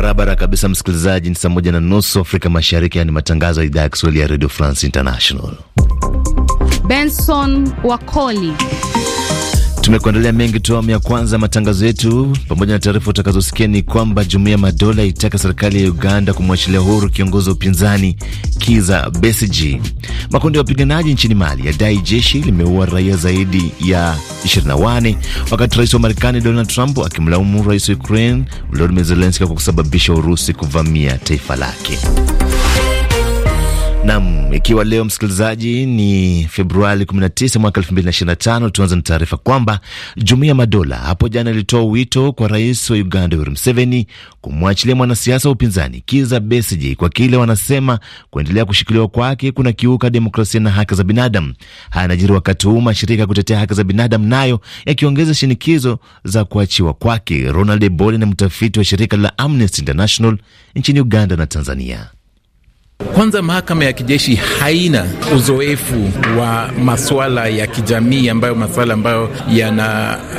barabara kabisa, msikilizaji. Ni saa moja na nusu Afrika Mashariki, yani matangazo ya idhaa ya Kiswahili ya Radio France International. Benson Wakoli Tumekuandalia mengi tu. Awamu ya kwanza matangazo yetu, pamoja na taarifa utakazosikia ni kwamba jumuiya ya madola itaka serikali ya Uganda kumwachilia huru kiongozi wa upinzani Kiza Besiji. Makundi ya wapiganaji nchini Mali yadai jeshi limeua raia zaidi ya 21, wakati rais wa Marekani Donald Trump akimlaumu rais wa Ukraine Volodymyr Zelensky kwa kusababisha Urusi kuvamia taifa lake. Nam, ikiwa leo msikilizaji, ni Februari 19 mwaka 2025, tuanza na taarifa kwamba jumuiya madola hapo jana ilitoa wito kwa rais wa Uganda Yoweri Museveni kumwachilia mwanasiasa wa upinzani Kiza Besigye kwa kile wanasema kuendelea kushikiliwa kwake kuna kiuka demokrasia na haki za binadamu. Haya yanajiri wakati huu mashirika ya kutetea haki za binadamu nayo yakiongeza shinikizo za kuachiwa kwake. Ronald Ebole ni mtafiti wa shirika la Amnesty International nchini Uganda na Tanzania. Kwanza, mahakama ya kijeshi haina uzoefu wa masuala ya kijamii ambayo masuala ambayo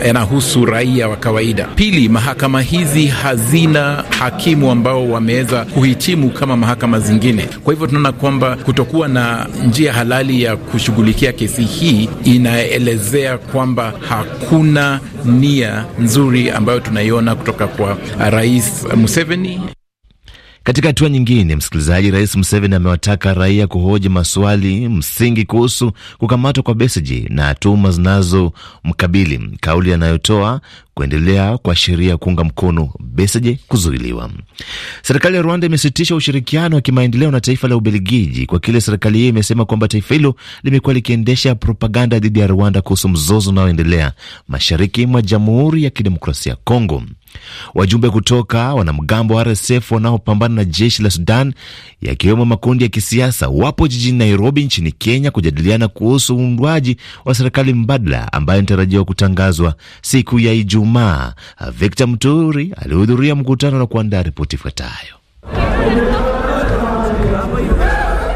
yanahusu yana raia wa kawaida. Pili, mahakama hizi hazina hakimu ambao wameweza kuhitimu kama mahakama zingine. Kwa hivyo tunaona kwamba kutokuwa na njia halali ya kushughulikia kesi hii inaelezea kwamba hakuna nia nzuri ambayo tunaiona kutoka kwa Rais Museveni. Katika hatua nyingine, msikilizaji, Rais Museveni amewataka raia kuhoji maswali msingi kuhusu kukamatwa kwa Besigye na tuhuma zinazomkabili, kauli anayotoa kuendelea kwa sheria kuunga mkono Besigye kuzuiliwa. Serikali ya Rwanda imesitisha ushirikiano wa kimaendeleo na taifa la Ubelgiji kwa kile serikali hiyo imesema kwamba taifa hilo limekuwa likiendesha propaganda dhidi ya Rwanda kuhusu mzozo unaoendelea mashariki mwa Jamhuri ya Kidemokrasia ya Kongo. Wajumbe kutoka wanamgambo wa RSF wanaopambana na jeshi la Sudan, yakiwemo makundi ya kisiasa, wapo jijini Nairobi nchini Kenya kujadiliana kuhusu uundwaji wa serikali mbadala ambayo inatarajiwa kutangazwa siku ya Ijumaa Ijumaa, Victor Mturi alihudhuria mkutano na kuandaa ripoti ifuatayo.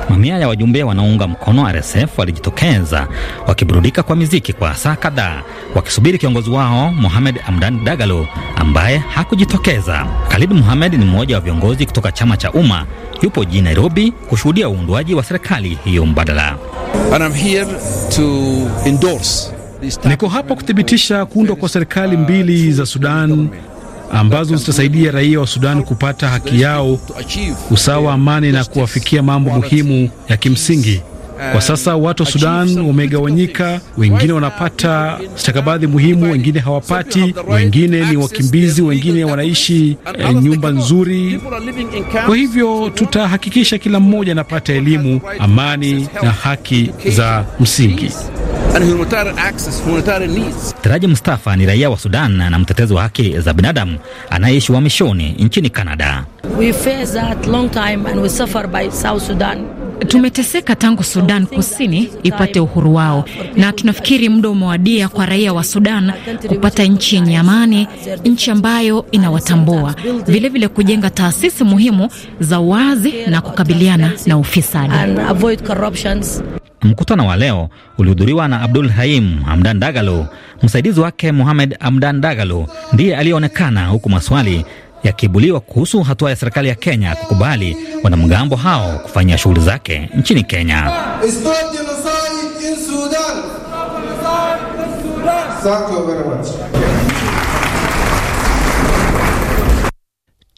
Mamia ya wajumbe wanaounga mkono RSF walijitokeza wakiburudika kwa miziki kwa saa kadhaa wakisubiri kiongozi wao Mohamed Amdan Dagalo ambaye hakujitokeza. Khalid Mohamed ni mmoja wa viongozi kutoka chama cha Umma, yupo jijini Nairobi kushuhudia uundwaji wa serikali hiyo mbadala. And I'm here to endorse Niko hapa kuthibitisha kuundwa kwa serikali mbili za Sudan ambazo zitasaidia raia wa Sudan kupata haki yao, usawa, amani na kuwafikia mambo muhimu ya kimsingi. Kwa sasa watu wa Sudan wamegawanyika, wengine wanapata stakabadhi muhimu, wengine hawapati, wengine ni wakimbizi, wengine wanaishi eh, nyumba nzuri. Kwa hivyo tutahakikisha kila mmoja anapata elimu, amani na haki za msingi. Yaani Taraji Mustafa ni raia wa Sudan na mtetezi wa haki za binadamu anayeishi uhamishoni nchini Canada. Tumeteseka tangu Sudan Kusini ipate uhuru wao, na tunafikiri muda umewadia kwa raia wa Sudan kupata nchi yenye amani, nchi ambayo inawatambua, vilevile kujenga taasisi muhimu za uwazi na kukabiliana na ufisadi. Mkutano wa leo ulihudhuriwa na Abdul Haim Hamdan Dagalo. Msaidizi wake muhamed Hamdan Dagalo ndiye aliyeonekana, huku maswali yakiibuliwa kuhusu hatua ya serikali ya Kenya kukubali wanamgambo hao kufanya shughuli zake nchini Kenya.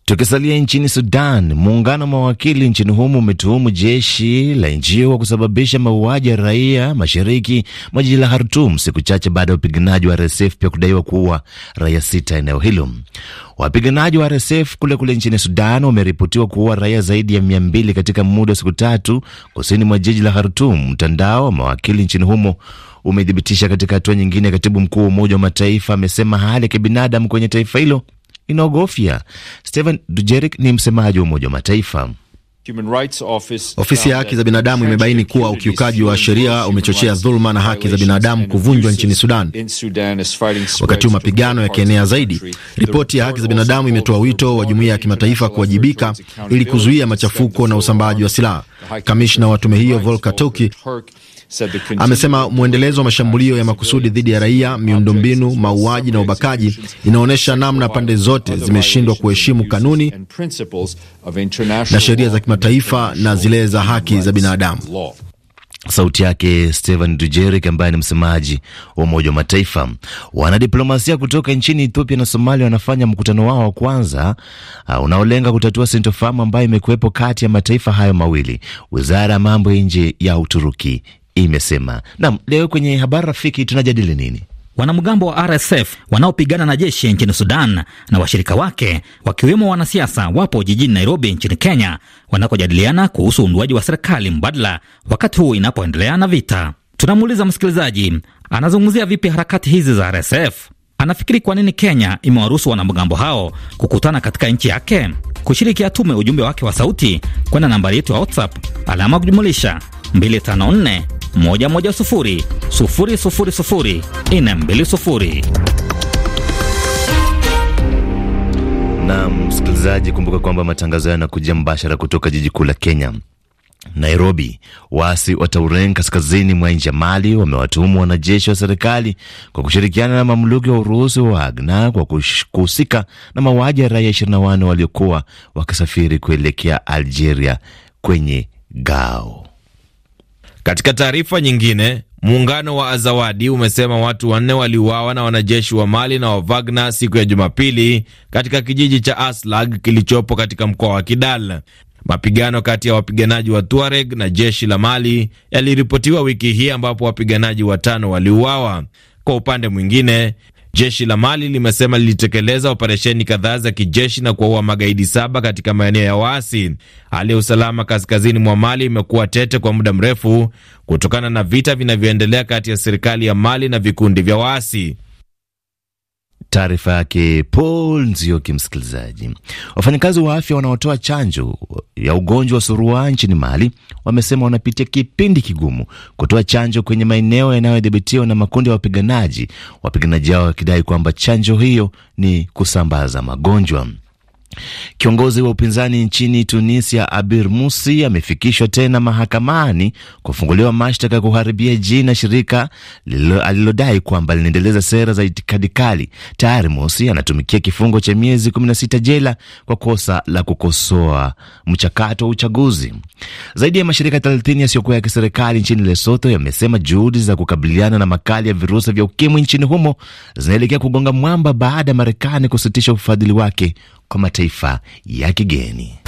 Tukisalia nchini Sudan, muungano wa mawakili nchini humo umetuhumu jeshi la nchi hiyo kusababisha mauaji ya raia mashariki mwa jiji la Khartoum, siku chache baada ya wapiganaji wa RSF pia kudaiwa kuua raia sita eneo hilo. Wapiganaji wa RSF kule kule nchini Sudan wameripotiwa kuua raia zaidi ya mia mbili katika muda wa siku tatu kusini mwa jiji la Khartoum. Mtandao wa mawakili nchini humo umethibitisha. Katika hatua nyingine, katibu mkuu wa Umoja wa Mataifa amesema hali ya kibinadamu kwenye taifa hilo inaogofya. Stephane dujerik ni msemaji wa Umoja wa Mataifa. Ofisi ya haki za binadamu imebaini kuwa ukiukaji wa sheria umechochea dhuluma na haki za binadamu kuvunjwa nchini Sudan. Wakati huu mapigano yakienea zaidi, ripoti ya haki za binadamu imetoa wito wa jumuiya ya kimataifa kuwajibika ili kuzuia machafuko na usambaaji wa silaha. Kamishna wa tume hiyo Volker Turk Amesema mwendelezo wa mashambulio ya makusudi dhidi ya raia, miundombinu, mauaji na ubakaji inaonyesha namna pande zote zimeshindwa kuheshimu kanuni na sheria za kimataifa na zile za haki za binadamu. Sauti yake Stephane dujerik ambaye ni msemaji wa Umoja wa Mataifa. Wanadiplomasia kutoka nchini Ethiopia na Somalia wanafanya mkutano wao wa kwanza uh, unaolenga kutatua sintofahamu ambayo imekuwepo kati ya mataifa hayo mawili. Wizara ya mambo ya nje ya Uturuki imesema. Nam, leo kwenye habari rafiki tunajadili nini? Wanamgambo wa RSF wanaopigana na jeshi nchini Sudan na washirika wake wakiwemo wanasiasa wapo jijini Nairobi nchini Kenya wanakojadiliana kuhusu uundwaji wa serikali mbadala wakati huu inapoendelea na vita. Tunamuuliza msikilizaji anazungumzia vipi harakati hizi za RSF. Anafikiri kwa nini Kenya imewaruhusu wanamgambo hao kukutana katika nchi yake? Kushiriki atume ujumbe wake wa sauti kwenda nambari yetu ya WhatsApp alama kujumulisha 254 110 000 sufuri. Na msikilizaji, kumbuka kwamba matangazo haya yanakujia mbashara kutoka jiji kuu la Kenya, Nairobi. Waasi wa Tuareg kaskazini mwa nchi ya Mali wamewatuhumu wanajeshi wa serikali kwa kushirikiana na mamluki wa Urusi wa Wagner kwa kuhusika na mauaji ya raia 21 waliokuwa wakisafiri kuelekea Algeria kwenye Gao. Katika taarifa nyingine, muungano wa Azawadi umesema watu wanne waliuawa na wanajeshi wa Mali na wa Wagner siku ya Jumapili katika kijiji cha Aslag kilichopo katika mkoa wa Kidal. Mapigano kati ya wapiganaji wa Tuareg na jeshi la Mali yaliripotiwa wiki hii ambapo wapiganaji watano waliuawa. Kwa upande mwingine, Jeshi la Mali limesema lilitekeleza operesheni kadhaa za kijeshi na kuwaua magaidi saba katika maeneo ya waasi. Hali ya usalama kaskazini mwa Mali imekuwa tete kwa muda mrefu kutokana na vita vinavyoendelea kati ya serikali ya Mali na vikundi vya waasi taarifa yake Paul Nzioki. Msikilizaji, wafanyakazi wa afya wanaotoa chanjo ya ugonjwa wa surua nchini Mali wamesema wanapitia kipindi kigumu kutoa chanjo kwenye maeneo yanayodhibitiwa na makundi ya wapiganaji, wapiganaji hao wakidai kwamba chanjo hiyo ni kusambaza magonjwa. Kiongozi wa upinzani nchini Tunisia Abir Musi amefikishwa tena mahakamani kufunguliwa mashtaka ya kuharibia jina shirika alilodai kwamba linaendeleza sera za itikadi kali. Tayari Musi anatumikia kifungo cha miezi 16 jela kwa kosa la kukosoa mchakato wa uchaguzi. Zaidi ya mashirika 30 yasiyokuwa ya kiserikali nchini Lesotho yamesema juhudi za kukabiliana na makali ya virusi vya ukimwi nchini humo zinaelekea kugonga mwamba baada ya Marekani kusitisha ufadhili wake kwa mataifa ya kigeni.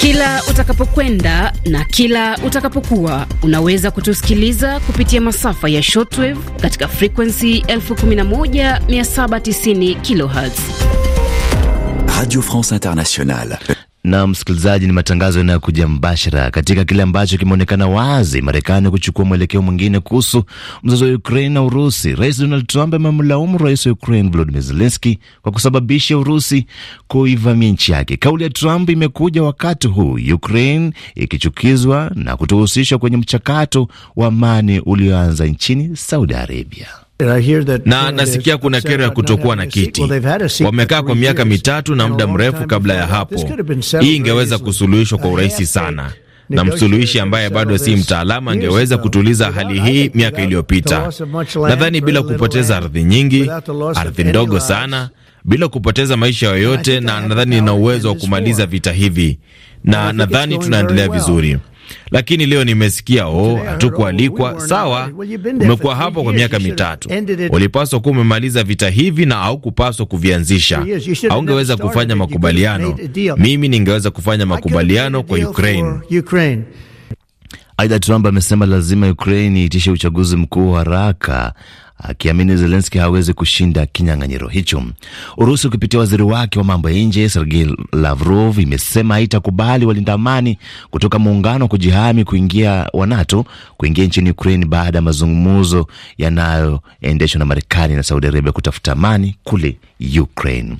Kila utakapokwenda na kila utakapokuwa unaweza kutusikiliza kupitia masafa ya shortwave katika frekwensi 11790 kilohertz. Radio France Internationale na msikilizaji, ni matangazo yanayokuja mbashara katika kile ambacho kimeonekana wazi Marekani kuchukua mwelekeo mwingine kuhusu mzozo wa Ukraine na Urusi. Rais Donald Trump amemlaumu rais wa Ukraine Volodymyr Zelensky kwa kusababisha Urusi kuivamia nchi yake. Kauli ya Trump imekuja wakati huu Ukraine ikichukizwa na kutohusishwa kwenye mchakato wa amani ulioanza nchini Saudi Arabia na nasikia kuna kero ya kutokuwa na kiti. Wamekaa kwa miaka mitatu na muda mrefu kabla ya hapo. Hii ingeweza kusuluhishwa kwa urahisi sana, na msuluhishi ambaye bado si mtaalamu angeweza kutuliza hali hii miaka iliyopita, nadhani bila kupoteza ardhi nyingi, ardhi ndogo sana, bila kupoteza maisha yoyote, na nadhani na uwezo wa kumaliza vita hivi, na nadhani tunaendelea vizuri lakini leo nimesikia oh, hatukualikwa. Sawa, umekuwa hapo kwa miaka mitatu, ulipaswa kuwa umemaliza vita hivi na kupaswa kuvianzisha. Haungeweza kufanya makubaliano, mimi ningeweza kufanya makubaliano kwa Ukraine. Aidha, Trump amesema lazima Ukraine iitishe uchaguzi mkuu haraka akiamini Zelenski hawezi kushinda kinyang'anyiro hicho. Urusi kupitia waziri wake wa mambo ya nje Sergei Lavrov imesema haitakubali walinda amani kutoka muungano wa kujihami kuingia wa NATO kuingia nchini Ukraine baada ya mazungumzo yanayoendeshwa na Marekani na Saudi Arabia kutafuta amani kule Ukraine.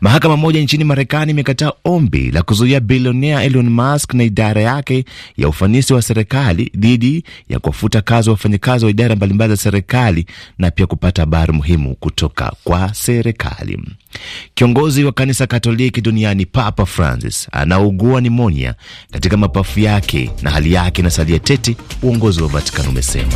Mahakama moja nchini Marekani imekataa ombi la kuzuia bilionea Elon Musk na idara yake ya ufanisi wa serikali dhidi ya kuwafuta kazi wafanyakazi wa idara mbalimbali za serikali na pia kupata habari muhimu kutoka kwa serikali. Kiongozi wa kanisa Katoliki duniani Papa Francis anaugua nimonia katika mapafu yake na hali yake inasalia tete, uongozi wa Vatikano umesema.